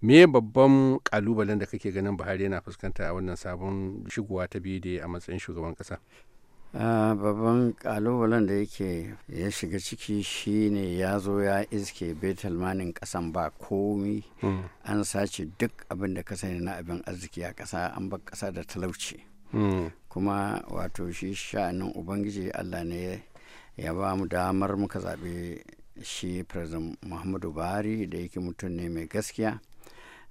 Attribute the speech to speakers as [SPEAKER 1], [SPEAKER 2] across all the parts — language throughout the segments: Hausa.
[SPEAKER 1] me babban kalubalen da kake ganin buhari yana fuskanta a wannan sabon shigowa ta biyu da a matsayin shugaban kasa babban kalubalen da yake ya shiga
[SPEAKER 2] ciki shine ya zo ya iske betalmanin kasan ba komi hmm. an sace duk abin da ka sani na abin arziki a kasa an bar kasa da talauci hmm. kuma wato shi sha'anin ubangiji allah ne ya ba mu damar muka zaɓe shi president muhammadu buhari da yake mutum ne mai gaskiya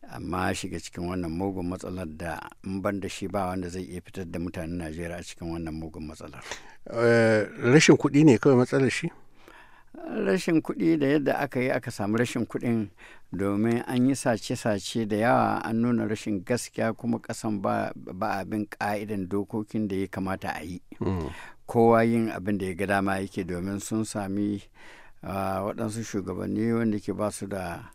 [SPEAKER 2] amma shiga cikin wannan mugun matsalar da in ban da shi ba wanda zai iya fitar da mutanen najeriya a cikin wannan mugun matsalar eh, rashin kuɗi ne kawai matsalar shi rashin kuɗi da yadda aka yi aka samu rashin kuɗin domin an yi sace-sace da yawa an nuna rashin gaskiya kuma ƙasan ba abin ƙa'idan dokokin da ya kamata a yi hmm. kowa yin abin da ya ga dama yake domin sun sami ah, waɗansu shugabanni wanda ke ba su da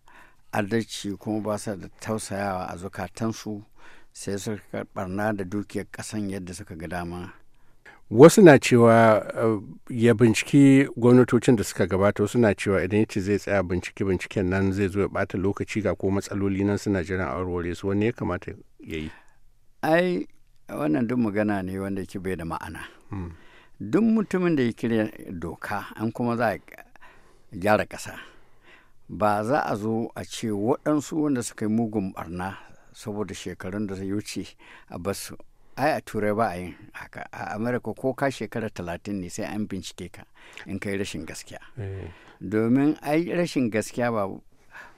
[SPEAKER 2] adalci kuma ba su da tausayawa a zukatansu sai suka barna da dukiyar kasan yadda suka ga dama
[SPEAKER 1] wasu na cewa uh, ya binciki gwamnatocin da suka gabata wasu na cewa idan ya zai tsaya bincike binciken nan zai zo ya bata lokaci ga ko matsaloli nan suna jiran aurore su wani ya kamata ya yi
[SPEAKER 2] ai wannan duk magana ne wanda yake bai da ma'ana hmm. duk mutumin da ya kirya doka an kuma za a gyara ƙasa ba za a zo a ce waɗansu wanda suka yi mugun barna saboda shekarun da ya wuce a basu ai a turai ba a yin haka a Amerika ko ka shekara talatin ne sai an bincike ka in kai rashin gaskiya eh. domin ai rashin gaskiya ba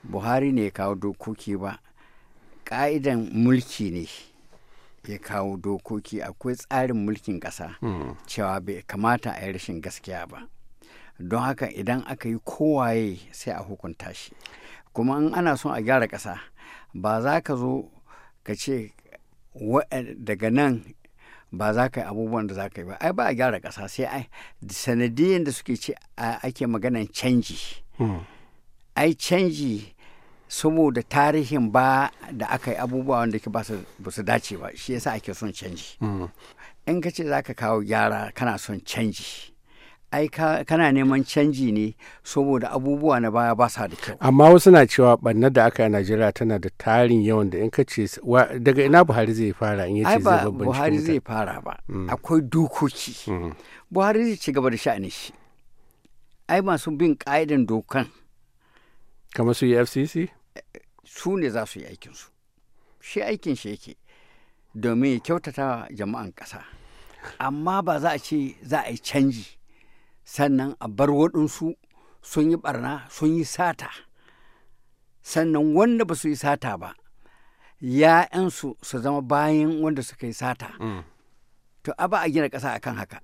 [SPEAKER 2] buhari ne ya kawo dokoki ba ka'idan mulki ne ya kawo dokoki akwai tsarin mulkin ƙasa hmm. cewa bai kamata a yi rashin gaskiya ba don haka idan aka yi kowaye sai a hukunta shi kuma in ana son a gyara ƙasa ba za ka zo ka ce daga nan ba za ka yi abubuwan da za ka yi ba ai ba a gyara ƙasa sai ai sanadiyan da suke ce ake maganan canji hmm. ai canji saboda tarihin ba da aka yi abubuwa wanda ke ba su dace ba shi yasa ake son canji hmm. in ka ce za ka kawo gyara kana son canji ai kana neman canji ne saboda abubuwa na baya ba sa da kyau
[SPEAKER 1] amma wasu na cewa bannar da aka yi a najeriya tana da tarin yawan da in ka ce daga ina buhari zai fara in yace zai babban buhari zai fara ba mm. akwai dokoki mm. buhari zai ci gaba da sha'ani shi
[SPEAKER 2] ai masu bin ka'idan dokan kamar su e fcc su ne za su yi aikinsu shi aikin shi yake domin ya kyautata jama'an ƙasa amma ba za a ce za a yi canji sannan a bar waɗansu sun yi ɓarna sun yi sata sannan wanda ba su yi sata ba ‘ya'yansu su zama bayan wanda suka yi sata mm.
[SPEAKER 1] to a ba a gina ƙasa akan haka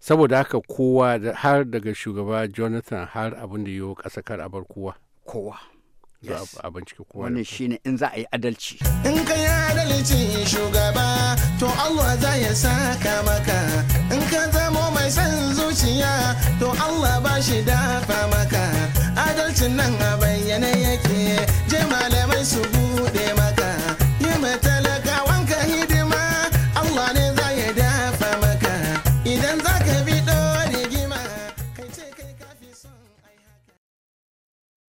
[SPEAKER 1] saboda haka kowa har daga shugaba jonathan har abin da yiwu ƙasa kar a bar kowa kowa yes. a bincike kowa wannan shine in za a yi adalci in ka yi adalci shugaba to allah za ya saka maka in nanga